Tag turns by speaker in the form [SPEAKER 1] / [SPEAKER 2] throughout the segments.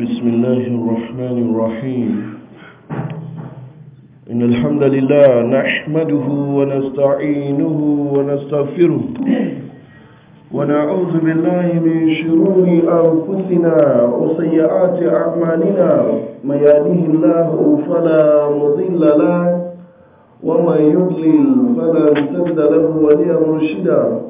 [SPEAKER 1] بسم الله الرحمن الرحيم إن الحمد لله نحمده ونستعينه ونستغفره ونعوذ بالله من شرور أنفسنا وسيئات أعمالنا من يهده الله فلا مضل له ومن يضلل فلا تجد له وليا مرشدا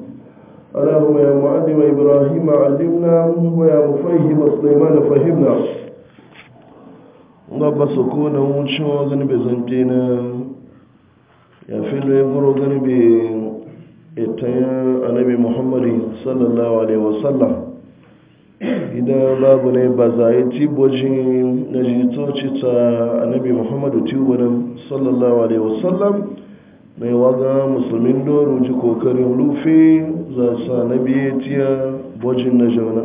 [SPEAKER 1] اللهم يا معلم إبراهيم علمنا ويا مفهم سليمان فهمنا رب سكون ونشوى غنب زنجينا يا فيلو يبرو غنب إتيا النبي محمد صلى الله عليه وسلم idan babu ne ba za yi tibojin na jitoci ta annabi muhammadu tiwonan sallallahu alaihi wasallam mai waga musulmin doro ji kokarin rufe za sa na biye tiya bojin na jauna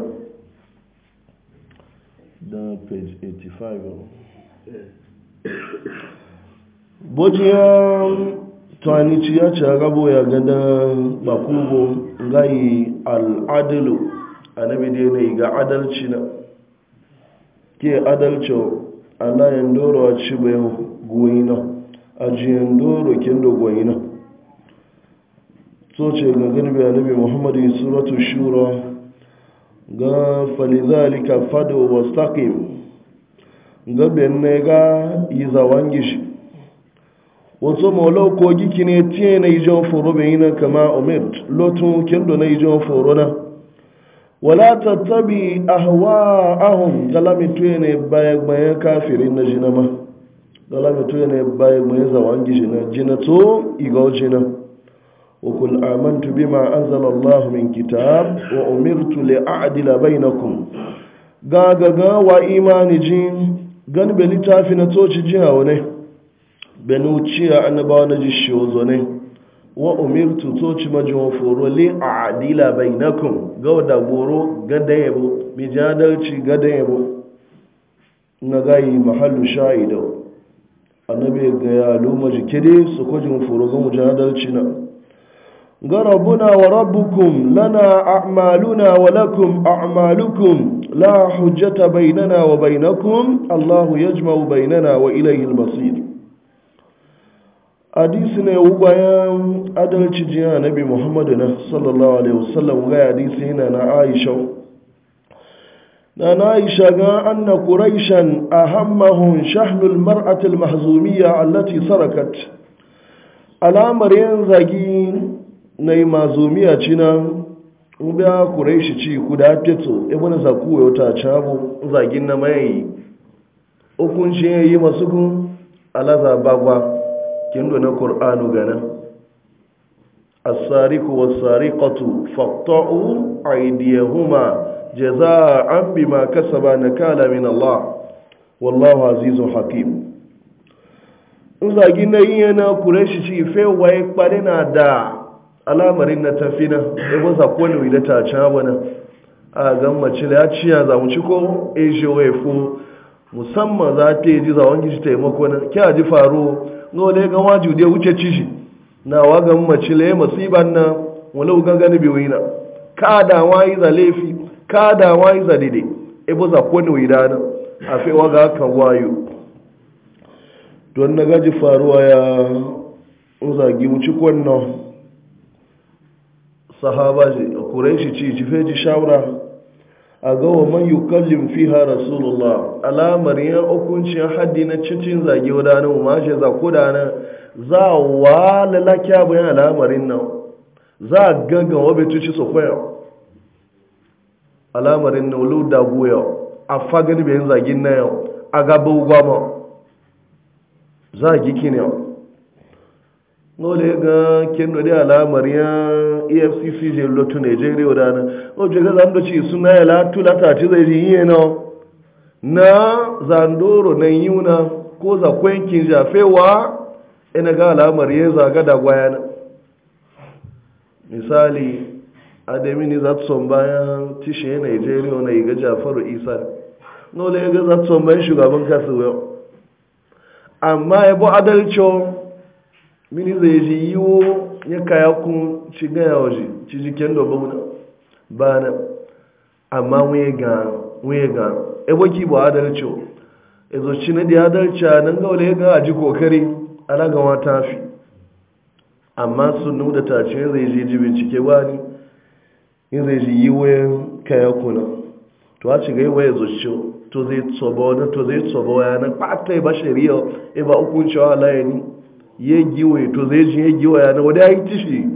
[SPEAKER 1] da page 85 bojiya tanici ya ci agabo ya gada bakubo gayi al'adalu a nabi da yanayi ga adalci na ke adalci a layin doro a ci bayan goyi na ajiyan doro kin dogon so ce ga garbi annabi muhammadu suratu shura ga falizalika fado wastaqim ga yi ga gishi wato maulau ko giki ne tiye na ijon foro bai yi na kama omid lotun kendo na ijon foro na wala tattabi ahwa ahun galamitu ne bayan bayan kafirin na jinama da lamito yana bayan mai zawon gijina jina to igaw jina wakul amintu bi ma an zana allahu min kitab wa umirtu le adila bai Ga-ga-ga wa imani jin gani bai littafi na toci jina wane bai na wuce a annaba wani ji shi ozo ne wa umirtu toci majin foro le adila bai na kun ga wadda goro gadon yabo ga gadon yabo na gayi mahallu sha'idau annabi ga ya luma jikiri su kujin furugun mujahadarci na ga rabuna wa Rabukum, lana a'maluna wa lakum a'malukum la hujjata bainana wa bainakum Allahu yajma'u bainana wa ilayhi al-masir hadisi ne bayan adalci jiya nabi Muhammadu na sallallahu alaihi wasallam ga hadisi yana na Aisha نانا إشاقا أن قريشا أهمهم شحن المرأة المحزومية التي سرقت مرين ينزغي ناي مازومية چنا وبيا قريش چي كدا تتو ابن زكو يوتا چابو زاجين نمائي ukun shi yi على ذا بابا كندو نقرآن na qur'anu gana فاقطعوا عيديهما jaza'an bima kasaba nakala min Allah wallahu azizu hakim zagi na yi yana kureshi ci fewa ya kpari na da alamarin na tafi na ebe zakon da wadda ta ci na. a ga mace da ya ci ya zamu ci ko asia wa musamman za ta yi ji zawon gishi taimako na kya ji faro na wale gan waju da wuce ci shi na wa mace da ya masiban na wale gan gani biyu na ka da wa yi za laifi kada wani ne ibu za ne wida na a fi waga kan wayo don na gaji faruwa ya zagi wuci kwanan sahaba kureshi ci ci feji shawara a gawa man yi kallin fiha rasulullah alamar yin hukuncin haddi na cikin zage wadanin umarshe za kudana za a wa lalakya bayan alamarin nan za a gangan bai tuci su kwayar alamarin na olu da goya a fagani bayan zagin na yau a gaba gwama zagi o nole ga kendo da alamar ya efcc je lotu nigeria da na oje ga zando ci suna ya latu lata ci zai ji yi na na zandoro na yuna ko za kwenkin jafewa ina ga alamar ya zaga da gwayana misali ademini son bayan tishe nigeria na iga jafaru isa nola ya ga za son bayan shugaban yau amma ya bu adalco mini zai ji yiwo ya kaya kun ci gaya waje ci jikin da bauna ba na amma wuye ga eboki bu adalco ezo ci na di adalca nan ga wale ga aji kokari alaga wata fi amma sun nuna tace zai ji ji bincike wani in zai ji yi wayan kaya kuna to a shiga yi waya to zai waya na kwata ba shari'a e ba hukunci wa halaye ni giwe to zai ji ya giwa na wadda ya yi tishi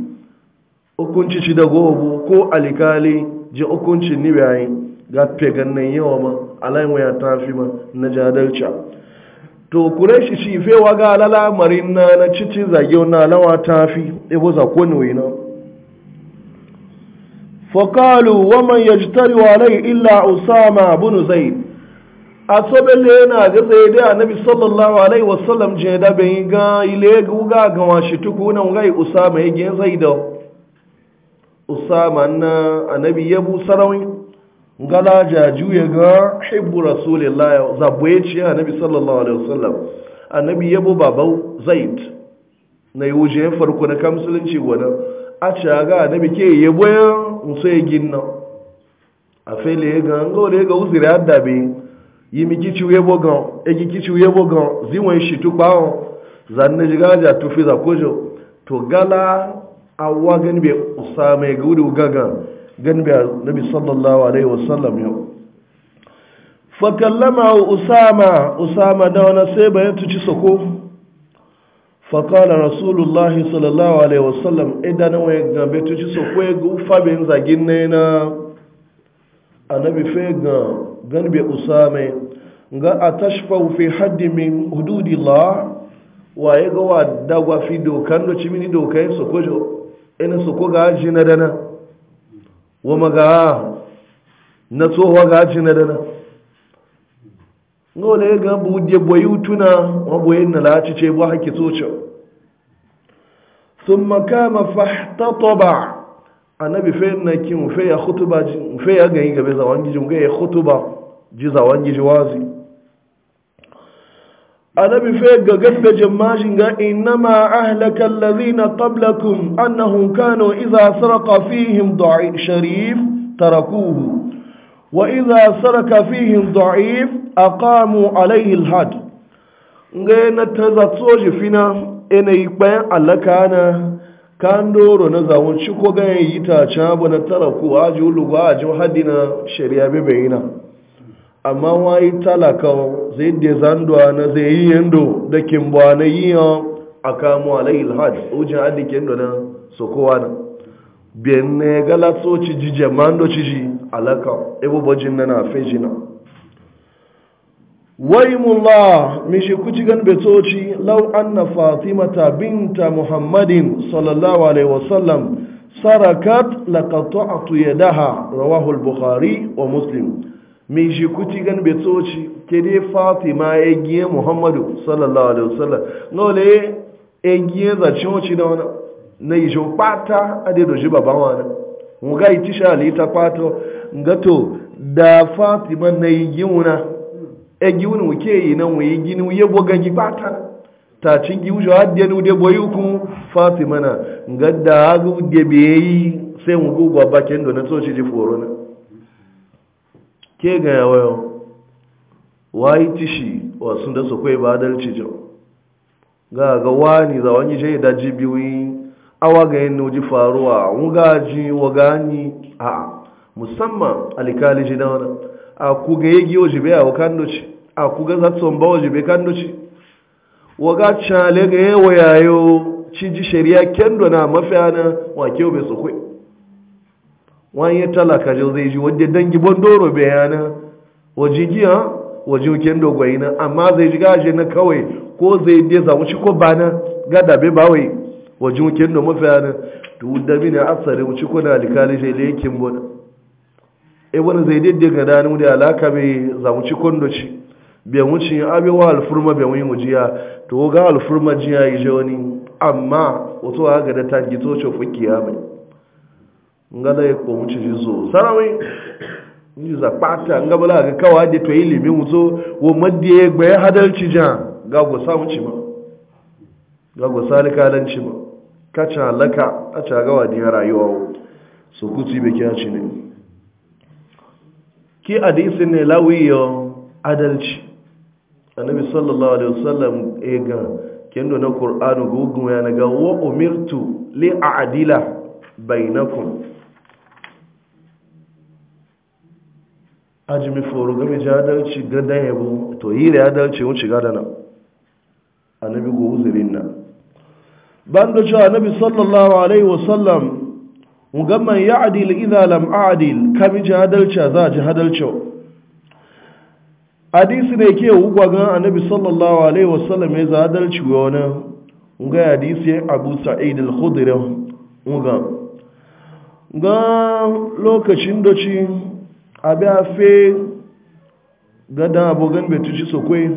[SPEAKER 1] hukunci shi da gobo ko alikali ji hukunci ni bayan ga fegannan yawa ma alayin waya ta fi ma na jadalca to kure shi shi fewa ga alala marin na na cici zage na alawa ta fi ebo zakon فقالوا ومن يجتري عليه إلا أسامة بن زيد أصبل هنا زيد النبي صلى الله عليه وسلم جيدا بين غا إليك وغا قواشي تكون وغاي أسامة يجين زيد أسامة أن النبي يبو سروي غلا جاجو يغا حب رسول الله زبويتشي النبي صلى الله عليه وسلم النبي يبو بابو زيد na yi wujen farko na kamsulunci gwanan a shaga da bike ya boyan musu ya ginna a fele ya ga ga ya ga uzuri adda be yi mi kici ya bogan e gi kici ya bogan ziwon shi tu kwawo zanne jiga ja tu fi za kojo to gala awwa gan be usama ga gudu gaga gan be nabi sallallahu alaihi wasallam yau fakallama usama usama da wani sai bayan tuci sako faƙala rasulullahi sallallahu alaihi wasallam idan wai gambe to ci so kwe gufa bin zagin ne na annabi fe ga ganbe usame ga atashfa fi haddi min hududillah wa ya ga wadda gwa fi dokan do cimini dokai so ko jo ina so ko ga ji na dana wa maga na so ga ji na dana ngole ga bu de boyu tuna wa boyen na lati ce bu hakki soce thumma kama fahtataba annabi fe na ki mu fe ya khutuba mu fe ya ga gabe za wangi mu ga ya khutuba ji za wangi ji wazi annabi fe ga gabe jama'in ga innama ahlaka alladhina qablakum annahum kanu idha saraqa fihim da'i sharif tarakuhu وإذا سرك فيهم ضعيف أقاموا عليه الحد غينا تزاتوج فينا إن يبين على كان كان دورو نزاون شكو غين يتا شابو نتركو واجو لغو واجو حدنا شريا ببينا amma wayi talaka zai da zanduwa na zai yi yando da kimbuwa na yi yawon a kamo alayhi alhaj ujin adikin da na sokowa na biyan ne galatsoci jije mando ciji alaka ibu bajin nana fejina waimullah mishi kuci gan betoci lau anna fatimata binta muhammadin sallallahu alaihi wasallam sarakat laqata'tu yadaha rawahu al-bukhari wa muslim min shi gan betoci kede? fatima ya giye muhammadu sallallahu alaihi wasallam nole ya giye zace na wani na yi shi kwata a dai doji baban wani nga iti shali ta nga ngato da fatima na yi giwuna e giwuna wuke yi nan wuyi gini ya boga gibata ta ci giwujo hadde ni ude boyi ku fatima na nga da hagu de beyi sai mu gwa bakin na so ji foro na ke ga yawo wai tishi wasu da su kai ba adalci jo ga ga wani za wani je awa ga yin noji faruwa wugaji gani a musamman alikali ji dawana a ku ga yi giyo jibe a wakan doci a ku ga zatson bawa jibe kan doci waga cale ga yi wayayo ciji shari'a kendo na mafiyana, wa wake bai su wani ya talaka jau zai ji wadda dangi bondoro bayana waje giya waje kendo gwayina amma zai ji gaje na kawai ko zai dai zamuci ko bana gada be bawai wajen kin da mafiyanin to da mini asari wuce kuna alikali shi da yakin bona eh wani zai daidai ga danu da alaka mai zamu ci kondo ci bai wuce abin wa alfurma bai wuce mujiya to ga alfurma jiya yi je wani amma wato a ga da ta gito ce fukiya mai ngala ya ko wuce ji zo sarawai ni za pata ngabala ga kawa da to ilimin wuzo wo madiye gbe hadalci jan ga go samu ci ma ga go salika dan ci ma kacha laka a cagawa diyar rayuwa su kuci bai kiya ci ne ki hadisin ne lawiyo adalci annabi sallallahu alaihi wasallam e ga kendo na qur'anu gugu ya ga wa umirtu li a'dila bainakum ajmi foro ga mi adalci ga dan yabo to yi da adalci mun shiga da nan annabi go uzurin nan banda da cewa nabi sallallahu alaihi wasallam mugamman ya adil idha lam adil kami ji hadalca za ji hadalca hadisi ne ke ugwagan annabi sallallahu alaihi wasallam ya za hadalci ga wani ga hadisi ya abu sa'id al-khudri ga ga lokacin doci abi afe gadan abogan betuci sokwe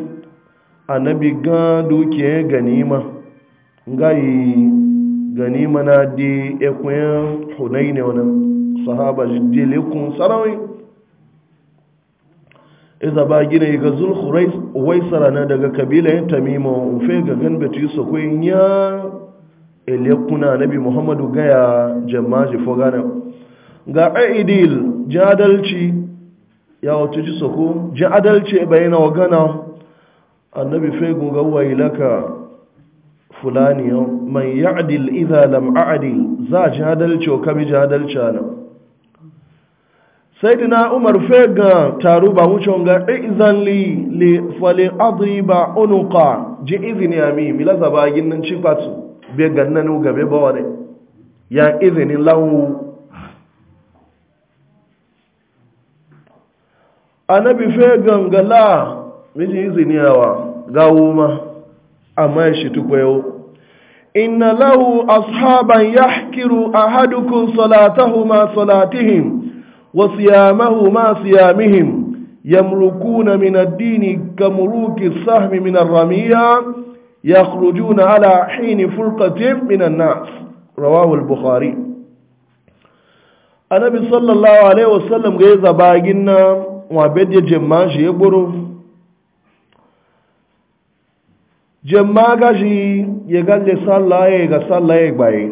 [SPEAKER 1] annabi ga dukiyar ganima ngayi gani mana di ekwen hunai ne wannan sahaba jidde lekun sarawai iza ba gina ga khurais wai sarana daga kabilayen tamimo fe ga ganbati su nya. ya e elekuna nabi muhammadu gaya jamaji fogana ga aidil jadalci ya wato ji ko jadalci wa e wagana annabi fegun ga wailaka fulani yau man ya'dil iza lam a'dil za ji hadalci o kami ji hadalci ana dina umar fega taru ba wucin ga eh, izan li li fali ba unuka, ji izini mi mila zaba ginnan cifatu be gannan gabe baware ya izini lawu anabi fe gangala miji izini yawa gawo ma amma shi tukwayo إن له أصحابا يحكر أحدكم صلاته ما صلاتهم وصيامه ما صيامهم يمركون من الدين كمروك السهم من الرمية يخرجون على حين فرقة من الناس رواه البخاري النبي صلى الله عليه وسلم غيظ باغنا وبدي جماجي يبرو jemma gashi ya galle sallah ya ga sallah ya gbaye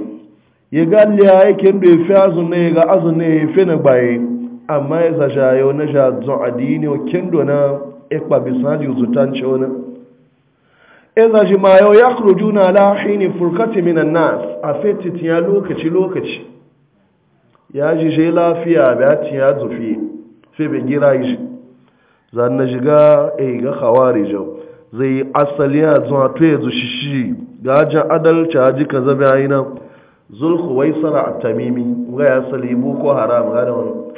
[SPEAKER 1] ya galle ya yi kendo ya fi azu ne ga azu ne ya fi na gbaye amma ya zasha yau na sha zon adini wa kendo na ikpa e bisani zutan cewa e ya zashi ma yau ya kuru juna la hini furkati minan nas a fetit ya lokaci lokaci ya ji shi lafiya ba ya ci ya zufi sai bai gira shi zan na shiga a e ga kawari jau zai asali a zuwa to ya shishi ga ajin adalci haji ka zabi a nan zulku wai sana a tamimi ga ya asali boko haram ga da wani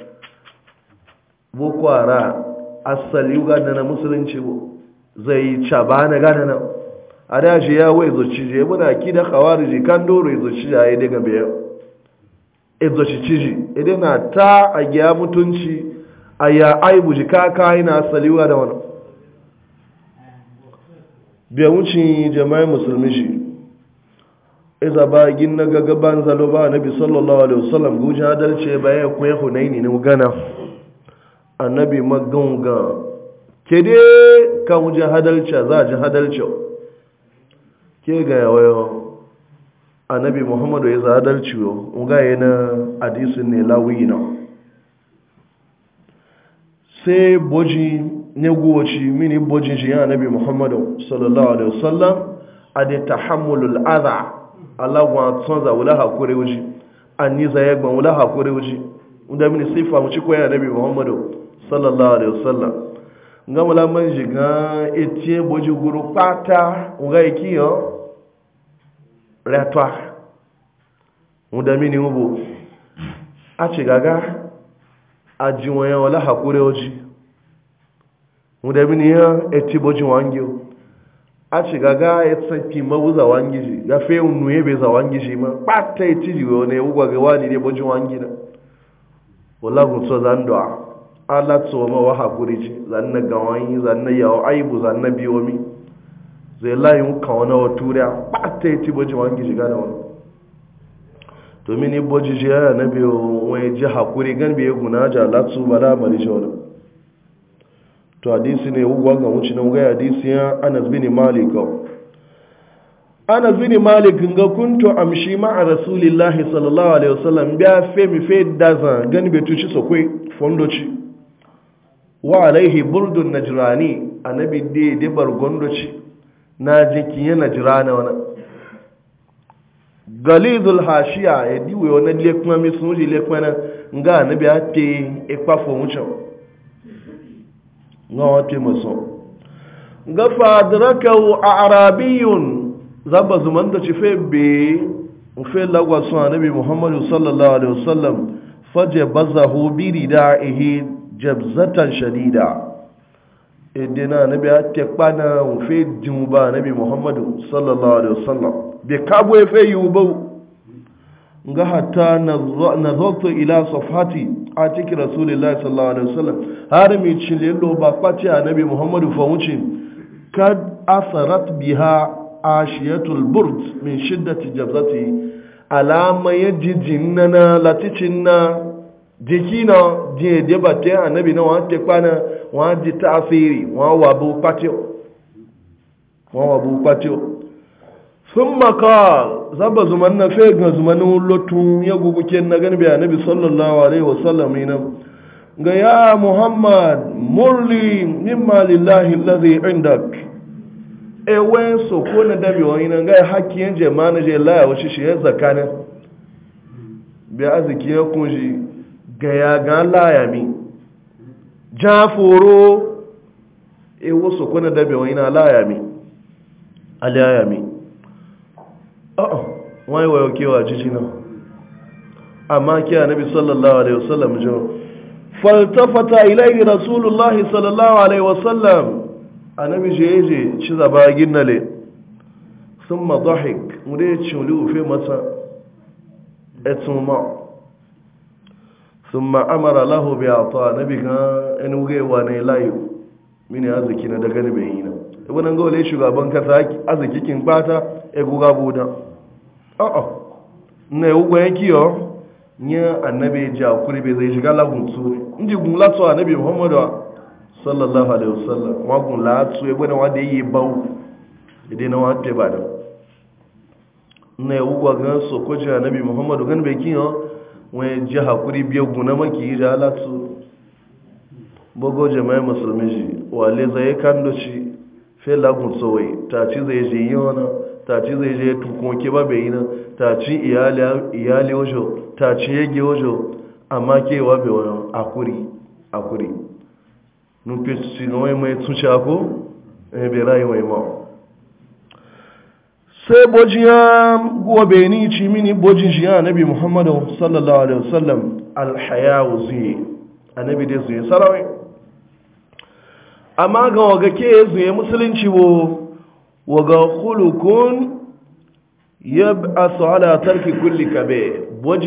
[SPEAKER 1] boko haram asali ga da na musulunci zai cabana ga da na a da shi ya wai zuci je muna ki da kawari je kan doro ya zuci a yi daga biyar ya zuci ciji idan na ta a gya mutunci a ya aibu ji kaka yana asali ga da wani biya wucin jama'in musulmi shi iza ba gin na gagaban zalo ba nabi sallallahu alaihi wasallam guji adalce bayan ya ya hunaini ne gana annabi magunga ke dai kan wuji hadalce za a ji hadalce ke ga yawayo annabi muhammadu ya za hadalci yau ga yana hadisin ne lawi na sai boji ne goci mini bojin shi ya nabi muhammadu sallallahu alaihi wasallam a da tahammulul adha Allah wa tsanza wula hakuri wuji an ni zaye gban wula hakuri wuji inda mini sifa mu ci ko nabi muhammadu sallallahu alaihi wasallam ngam la man ji ga etie boji guru pata nga ikiyo retwa inda mini ubu a ci gaga ajiwon ya wula hakuri wuji da mini ya eti bojin wangi a ci ga ya tsaki mawuza wangi ji ga fe unu ya za wangi ji ma ta ya tiji wani ugwa ga wani ne bojin wangi da wallahu so zan do'a ala tso ma wa hakuri ji zan na ga wani zan na yawo aibu zan na biyo mi zai layi ka wani wa turiya pata ta ti bojin wangi ji ga wani to mini boji ji yana na biyo wani ji hakuri gan biyo guna ja latsu ba da mari shi wani to hadisi ne ugwa ga wuce nan ga hadisi ya Anas bin Malik Anas bin Malik ga kuntu amshi ma a Rasulillahi sallallahu alaihi wasallam ga fe mi fe daza gani betuci sokwe fondoci wa alaihi burdun najrani annabi de de bargondoci na jiki yana najrana wana galizul hashiya ya e diwe wani lekuma mi sun ji lekuma na ga annabi ya te ikpafo wucewa na maso a arabiyun zaba zuman cife be ufe lagwasu annabi muhammadu sallallahu alaihi wasallam faje bazahu bi ridaihi jabzatan shadida kpana ufe jimba annabi sallallahu alaihi wasallam kabo yubo hatta ila safati a cikin rasulullah sallallahu alaihi wasallam har mi cilillo ba kwace annabi muhammadu fa wuce kad asarat biha ashiyatul burd min shiddati jabzati alama yajijin nana laticin na jiki na je de bate annabi na wa te kwana wa ji ta'asiri wa bu kwace wa bu kwace sun maka zaba zuman na fe ga zumanin lotun ya guguke na gani biya nabi sallallahu alaihi wasallam ina ga ya muhammad murli mimma lillahi allazi indak e wen so ko na dabi wani nan ga hakkin jama'a na je laya wasu shi ya zakana biya aziki ya kunji ga ya ga laya mi Jaforo, foro e wasu ko na dabi wani na ya mi mi. a'a wai yau kewa jiji na amma ke annabi sallallahu alaihi wasallam jo faltafata Ilaihi rasulullahi sallallahu alaihi wasallam annabi je je ci zaba ginnale thumma dhahik mude ci lu fe masa Sun thumma amara lahu bi ata nabi ga en wuge na layu mini aziki na daga ne bayina wannan ga gole shugaban kasa aziki kin bata eguga buda a'a na ewugwa yake yo nye annabi e ji akuri e bai zai shiga lagun tsuri inji gun latu annabi muhammadu sallallahu alaihi wasallam wa gun latu ebe na wanda yi bau idan na wanda ba da na ewugwa ga sokoji annabi muhammadu gan bai kiyo wani ji hakuri biya na maki yi da latu bogo jama'i musulmi ji wale zai kan doci fe lagun tsawai ta ci zai je yi wani taci zai je tukunke ba bai yi nan taci iyali ojo taci yage ojo amma kewa bai wani akuri akuri nufi wai mai tuce ako ya eh, bai rayu mai ma sai ya guwa bai ni ci mini bojin shi ya nabi muhammadu sallallahu alaihi wasallam alhayawu zuye anabi dai zuye sarawai amma ga waga ke zuye musulunci wo waga hulukun ya a ala tarki kulli kabe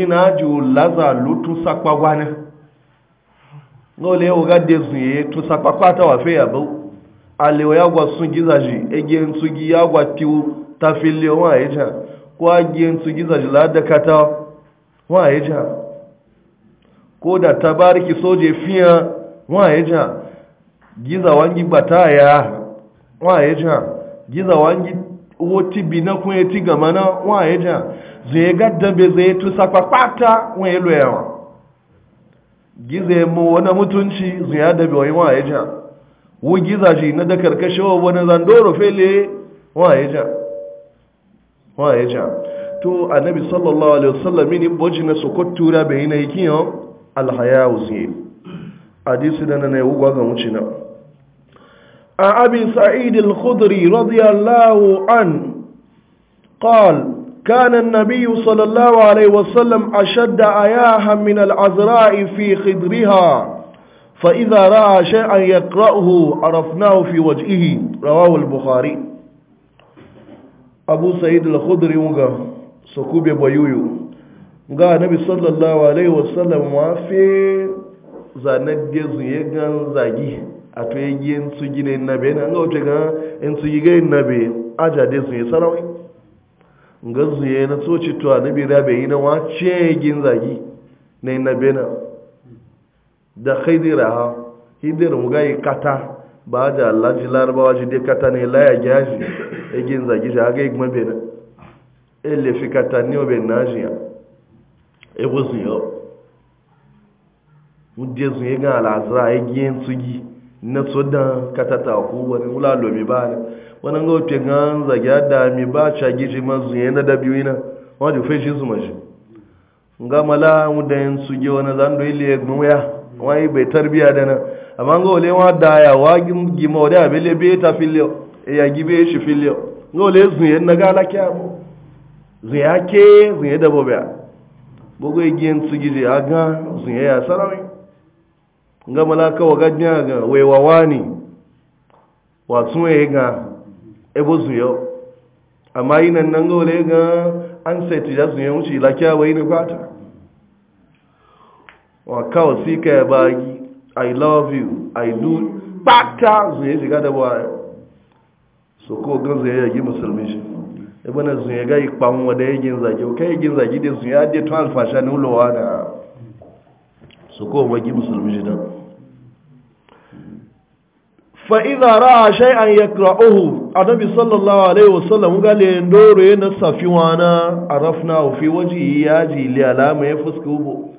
[SPEAKER 1] na ju laza lutu sakpa wana ngole waga dezu ye tu sakpa kwata wa fe yabo alewa ya gwa sungiza ji ege nsugi ya gwa piu tafili wa ko a ge nsugiza ji lada kata wa ja ko da tabariki soje fiya wa ja giza wangi ya wa ja giza wangi woti bina kun ya ti gama na wa ya ja zai gadda bai zai tu sakwakwata wa ya loyawa giza ya wani mutunci zai ya dabe wani wa ya ja wu giza shi na da karkashe wa wani zandoro fele wa ya ja wa ya ja to annabi sallallahu alaihi wasallam ni boji na sokottura bai na yikin alhaya wuzi hadisi da na ne ugwa ga wuce عن أبي سعيد الخدري رضي الله عنه قال كان النبي صلى الله عليه وسلم أشد أياها من العذراء في خدرها فإذا رأى شيئا يقرأه عرفناه في وجهه رواه البخاري أبو سعيد الخدري مغا سكوب بيويو مغا النبي صلى الله عليه وسلم وافي زاند يزيغان زاجيه a to yi yin su gine nabe na ga wace gan in su yi gayin nabe ajade su yi sarawai ga su yi na soci to a nabi rabe yi na wace gin zagi na yi nabe na da haidira ha hidir mu gayi kata ba da Allah ji larabawa ji dai kata ne laya gyaji ya gin zagi ji yi igma bena ele fi kata ni obe na ji ya ego su yi o mu je su yi gan al'azra ya gin su gi na tsoda katata ku wani wula lomi ba ne wani ga ofe ga dami ba mi ba cha gishi mazu ya na dabi wina wani da fashin su mashi ga mala mu da yin su ge wani zan doyi liye ya wani bai tarbiya da nan amma ga wale wa da ya wa gima wani abin le bai ta filiyo e ya gibe shi filiyo ga wale zuye na gala kya mu zuye ke zuye da bobe bugu igiyan su gije a ga zuye ya sarari. nga malaka waganya ga wewawani watsun ya ga ebo zuyo amma ina nan nan gole ga an sai tuja zuyo la kya wai ne kwata wa kawo si ka ya bagi i love you i do pata zuyo ga da baya so ko ga zuyo ya gi musulmi shi ebe na zuyo ga ikpawon wada ya gin zage ka kai gin zage da zuyo ya 12 tun alfasha ne ulowa da so ko wagi musulmi shi don fa'iza ra'a shay'an ya kra'uhu a nabi sallallahu alaihi wasallam ga lendoro ya na safi wana a rafna fi waje ya ji li ya fuska ubo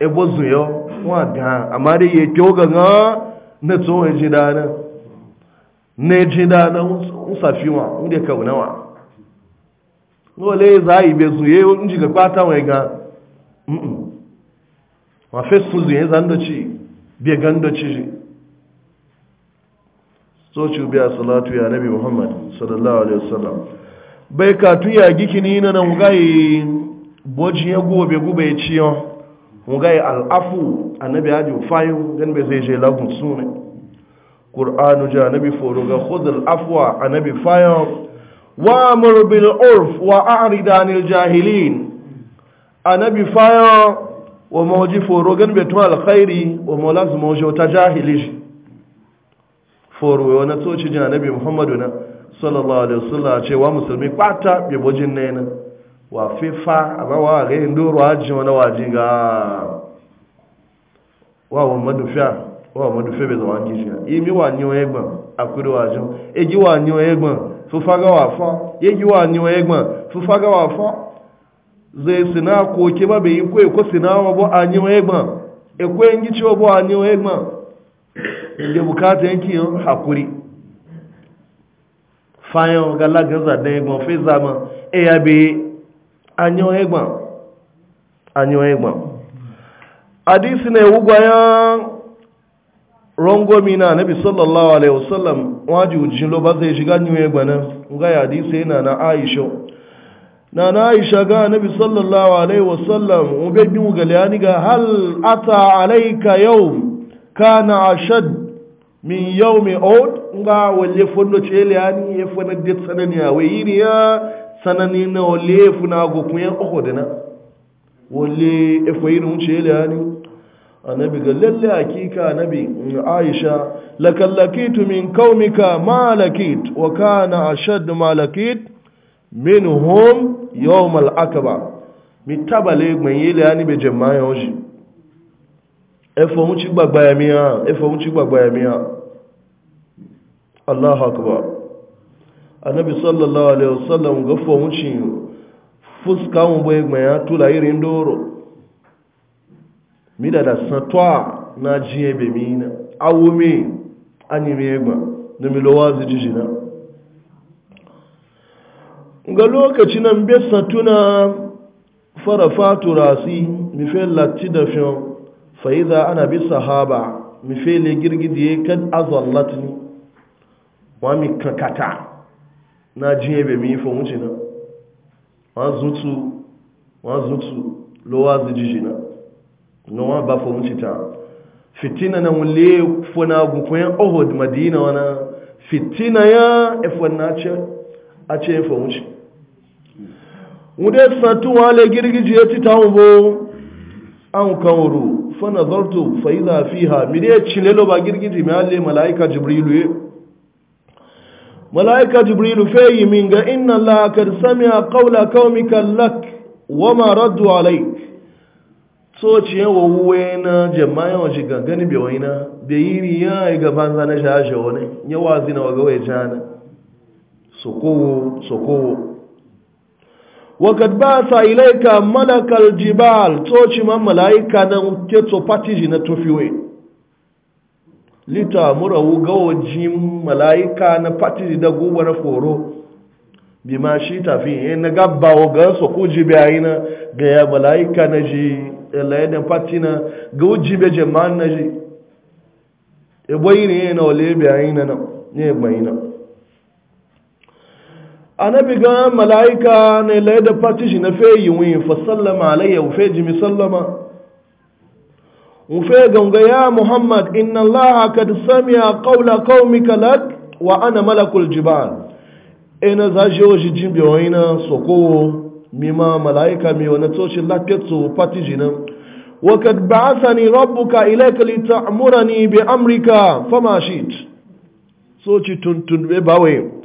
[SPEAKER 1] ebo zuyo wa ga amma dai ya kyo ga na na tso e ji dana na ji dana un safi wa inda ka unawa wale za yi be zuye un ji ga kwata wai e ga mm wa ya zuye zan da soci biya salatu ya nabi muhammad sallallahu alaihi wasallam bai katu ya gikini na nan gai bojin ya gobe gube ya ciyo mu gai al'afu annabi ya jiwa fayu dan bai zai je lagun su ne ƙur'anu ji annabi foro ga khudul afwa annabi fayu wa murbil urf wa a'ridanil jahilin annabi fayu wa mawji foro gan bai tun alkhairi wa mawlaz mawji ta jahilishi forwe wani soci jina nabi muhammadu na sallallahu alaihi wasallam ce wa musulmi kwata bi bojin ne na wa fifa amma wa ga yin doro haji wani waji ga wa wa madufiya wa madufiya bai zama gishi na imi wa ni wa egban akuri wa jin egi wa ni wa egban fufa ga wa fa egi wa ni wa egban fufa ga wa fa zai sina koke ke ba bai yi ko ko sina wa bo anyi wa egban ekwe ngi ci wa bo anyi wa egban da bukata yanki yin hakuri fayan galagan zaɗa egbon fi zama e ya be anyan egbon anyan egbon hadisi na ewu gwayan na nabi sallallahu alaihi wasallam waji ujin lo ba zai shiga ni egbon nga ga hadisi na na aisha na na aisha ga nabi sallallahu alaihi wasallam ubegin galiani ga hal ata alaika yau kana ashad min yawmi od nga wale fondo chele ani e fona det sanani ya weyiri ya sanani na wale funa go kuyen oho dena wale e foyiri un chele ani anabi ga lalle hakika anabi aisha lakallakitu min kaumika ma lakit wa kana ashad ma lakit minhum yawm al-akaba mitabale gmayele ani be jemaa yoji ẹfọ̀hún tí gbàgbà ẹ̀mí hàn ẹfọ̀hún tí gbàgbà anabi Allahu akbar sallallahu alaihi wasallam ga fọ̀hún fuska hun bai gbaya tula irin doro mi da da na jiye be mi na awo anyi mi egba na mi lowa zi jijina ga lokaci nan be satuna fara fatura si mi fe latti da fiyon fa'iza ana bi sahaba mi fele girgidiye kan azallatni wa mi kakata na jiye bai mi fo wuce na wa zutu wa lo wa zijiji na no wa ba fo wuce ta fitina na mulle fo na gu madina wana fitina ya e na ce a ce fo wuce wude satu wale girgijiye ti tawo bo an kan fa nazartu fa idha fiha mire cilelo ba girgiji mai alle malaika jibrilu ye malaika jibrilu fayi min ga inna allaha kad sami'a qawla qaumika lak wa ma raddu alayk so ci wa wuwe na jama'a wa shiga gani bai waina da ya yi zane zana shashe wani yawa zina wa gawai jana sokowo sokowo wakat ba sa ilaika malakal jibal tsoci man mala'ika nan ke tsopatiji na tufiwe lita murawu gawajin mala'ika na patiji da guba na foro bi tafi yin na gabba wa ga su ku mala'ika na ji laye da pati na ga ujibe jama'an na ji ebo yi na wale biyayi ne mai nan annabi ga mala'ika ne laye da na feyi wi fa sallama alayya wa feji sallama wa ganga ya muhammad inna allaha kad sami'a kaula qaumika kalak wa ana malakul jibal ina za shi o shi jimbe na sokowo mi ma mala'ika mi wana to shi laketso fati shi na wa kad ba'athani rabbuka ilayka murani, bi amrika fama shit so ci tuntun be bawe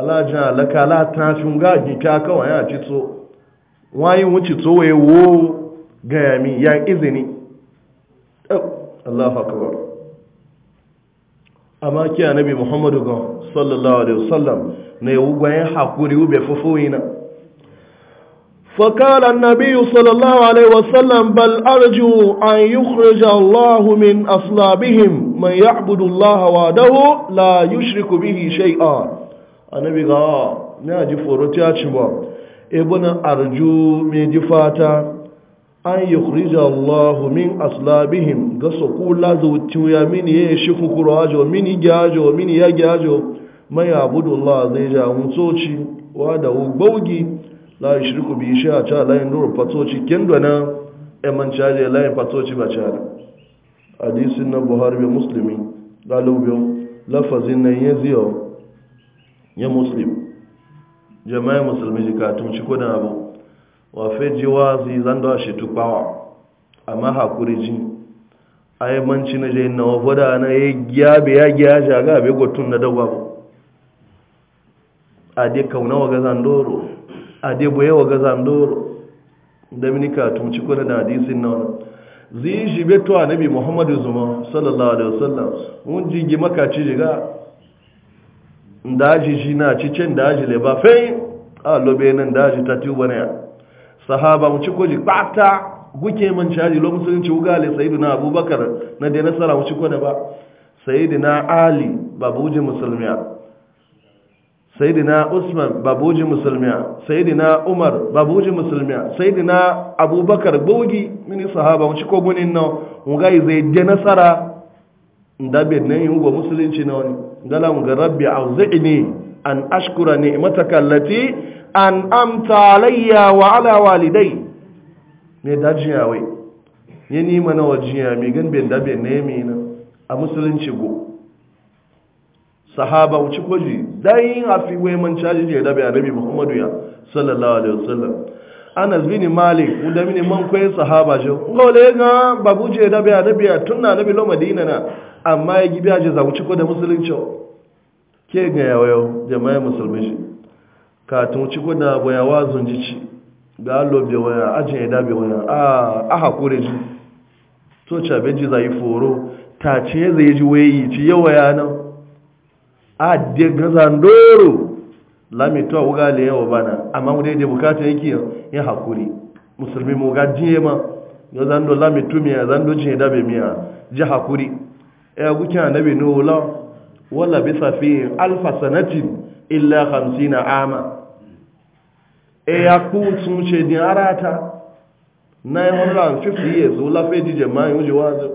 [SPEAKER 1] alajan alaka alatan shunga gika kawai ya ci so wayin wuce to waye wo gaya mi ya izini Allah akbar amma ki annabi Muhammadu ga sallallahu alaihi wasallam ne ugwayen hakuri ube fofoyina فقال النبي صلى الله عليه وسلم بل أرجو أن يخرج الله من أصلابهم من يعبد الله وحده لا يشرك به شيئا annabi ga ne a ji foro ta ci ba ibn arju mai ji fata an yukhrija allahu min aslabihim ga su kula zuci ya mini ya shi kukuru ajo mini gyajo mini ya gyajo mai abudu Allah zai ja mun soci wa da gbaugi la shirku bi shi a ca layin nuru fatoci kendo na eman caje layin fatoci ba da hadisin na Buhari bi Muslimi lalubiyo lafazin na yin ziyo. ya muslim jama'i musulmi jika tun ci kodin abu wa feji zai zan da shi tupawa amma hakuri ji a yi manci na jayin na wafada na ya gyabe ya gyashi ga gabe gotun na dagwa bu a dai kauna wa gazan doro a dai boye wa gazan doro dominika tun ci kodin na hadisin na wani zai shi beto a nabi muhammadu zuma sallallahu alaihi wasallam mun ci makaci jiga daji shi na cikin daji le ba fai a lobe nan daji ta tuba ne sahaba mu ci koji bata guke man caji lo musulunci wuga le sayyidina abubakar na da nasara mu ci ko da ba sayyidina ali babuji musulmiya sayyidina usman babuji musulmiya sayyidina umar babuji musulmiya sayyidina abubakar bogi mini sahaba mu ci ko gunin nan wuga zai da nasara dabe nan yin wa musulunci na wani galam ga rabbi auzi'ni an ashkura ne allati an amta alayya wa ala walidai ne dajiya wai ne ni mana wajiya mi gan ben dabe ne mi na a musulunci go sahaba uci koji dai afi wai man caji ne a annabi muhammadu ya sallallahu alaihi wasallam anas bin malik uda bin man koyi sahaba jo gole ga babu je da biya da biya tun na nabi lo madina na amma ya gibi aje za wuci ko da musulunci ke ga yawo jama'a musulmi shi ka tun ci ko da boya wazun ji ci ga lobe waya aje da bi waya a a hakure ji to cha be ji za yi foro ta ce zai ji wayi ci yawa yana a de ga zandoro a wuga da yawa bana amma mu daidai bukata yake ya hakuri musulmi mu ga jiye ma yo zando mi zan zando jiye da be miya ji hakuri e, ya guke annabi no la wala bi safi alfa sanatin illa 50 ama e ya ku sun ce ni arata 950 years wala fe dije ma yuje wazo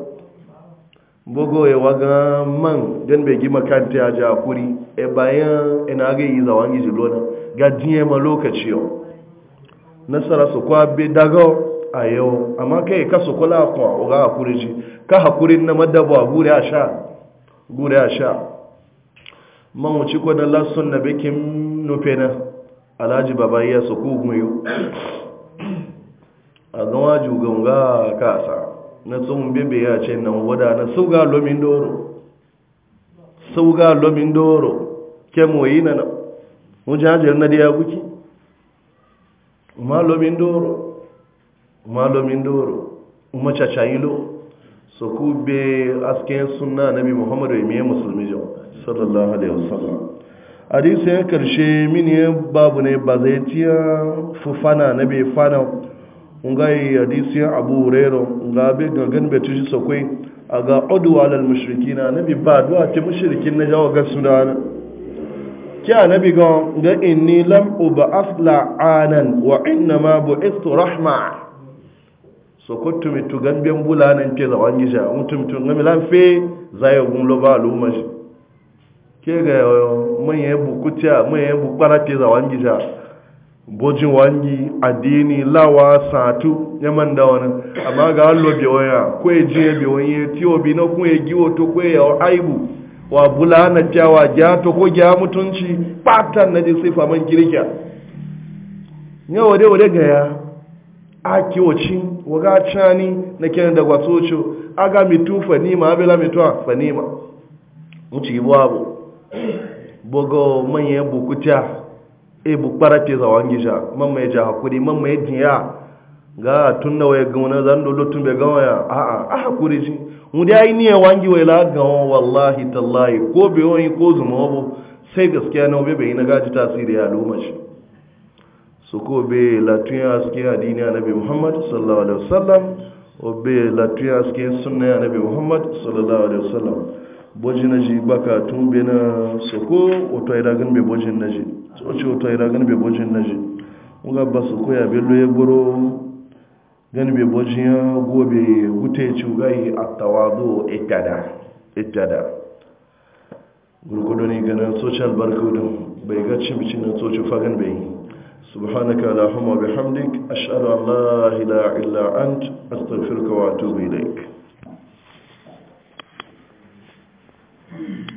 [SPEAKER 1] bogo ya waga man dan be gi makanta ya ji hakuri e bayan ina ga yi zawon jilo na ga jiye ma lokaci yau nasara su kwa bi daga a yau amma kai ka su kula kwa ga hakuri ji ka hakuri na madaba gure a sha gure a sha man wuci ko na lasun na bikin nufe na alhaji baba ya su ku gumayo a zama jugan kasa na tsohon bebe ya ce na wada na su ga lomin doro sauga lomin doro kemo yi na nan wajen na da ya guki ma lomin doro ma doro ma cacayilo so ku be asken sunna nabi muhammadu mai musulmi jau sallallahu alaihi wasallam hadisi ya karshe mini babu ne ba zai tiya fufana na bai fana ngai hadisi abu ga ngabe gangan betushi sokwai a ga oduwa lal na nabi ba duwa ce mushrikin na jawo ga sudana ki a nabi ga ga inni lam uba asla anan wa inna ma bu istu rahma so ko tumi tu gan ben bulanan ke zawan gisha mutum tun ngami lan fe zayo lo ba luma shi ke ga manye bu kutia manye bu kwana ke zawan gisha bojin wangi addini lawa satu ya man da wani amma ga allo bi waya ko e je bi wani tiwo bi na ko e giwo to ko ya aibu wa bula na jawa ja to ko ja mutunci patan na ji sifa man girkiya ne wade wade ga ya a kiwoci waga chani na kenan da gwatsocho aga mitu fanima abela mitu fanima mu ci bo bogo manye bukuta e bukpara ke za wangi ja mamma ya ja hakuri mamma ya jiya ga tun na waya gauna zan dole tun bai gawa ya a'a a hakuri ji mu ya yi niya wangi wai la gauna wallahi tallahi ko bai wani ko zuma wabo sai gaskiya na bai na gaji tasiri ya luma shi su ko be latuya suke hadini nabi muhammad sallallahu alaihi wasallam obe latuya suke sunna nabi muhammad sallallahu alaihi wasallam bojin naji baka tun be na soko wato ai dagan bai bojin naji so ce wata ira gani bai bojin na ji muga ba su koya bello ya goro gani bai bojin ya gobe gute ci yi a tawado ikada itada gurgudu ne ganin social barcodin bai ga bicin na soci fagen bai سبحانك اللهم وبحمدك أشهد أن لا إله إلا أنت أستغفرك وأتوب إليك